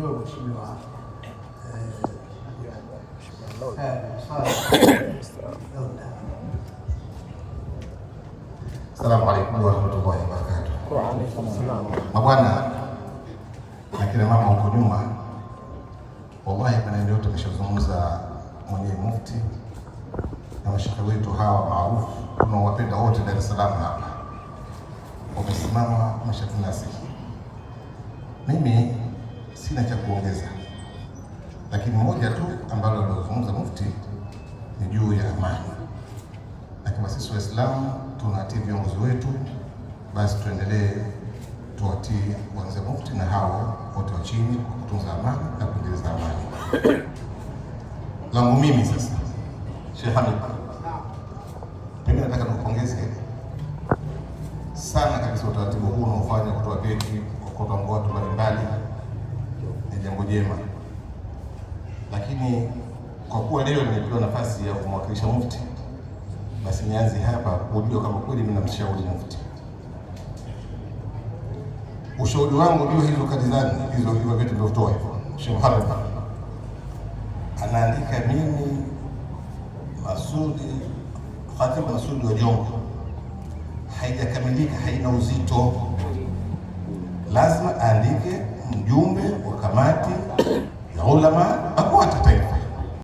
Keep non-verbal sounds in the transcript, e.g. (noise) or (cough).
Njoo mheshimiwa Assalamu eh, alaikum warahmatullahi wabarakatuh. Mabwana na kina mama huko nyuma, wallahi maneno yote ameshazungumza mwenyewe mufti na mashehe wetu hawa maarufu tunawapenda wote Dar es Salaam hapa wamesimama, wameshatunasihi mimi sina cha kuongeza, lakini moja tu ambalo alizungumza Mufti ni juu ya amani, na kama sisi Waislamu tunatii viongozi wetu, basi tuendelee tuwatii kwanza Mufti na hawa wote wa chini kwa kutunza amani na kuendeleza amani. (coughs) langu mimi sasa, Sheikh Hamid, pengine nataka nikupongeze sana kabisa utaratibu huu unaofanya kutoa vyeti kwa kutoa vyema, lakini kwa kuwa leo nimepewa nafasi ya kumwakilisha mufti, basi nianze hapa kujua kama kweli namshauri mufti. Ushauri wangu ndio hizo kadizani hizo hivyo vitu vilivyotoa hivyo, Sheikh Muhammad anaandika mimi Masudi Fatima Masudi wa Jongo haijakamilika, haina uzito lazima aandike mjumbe wa kamati ya ulama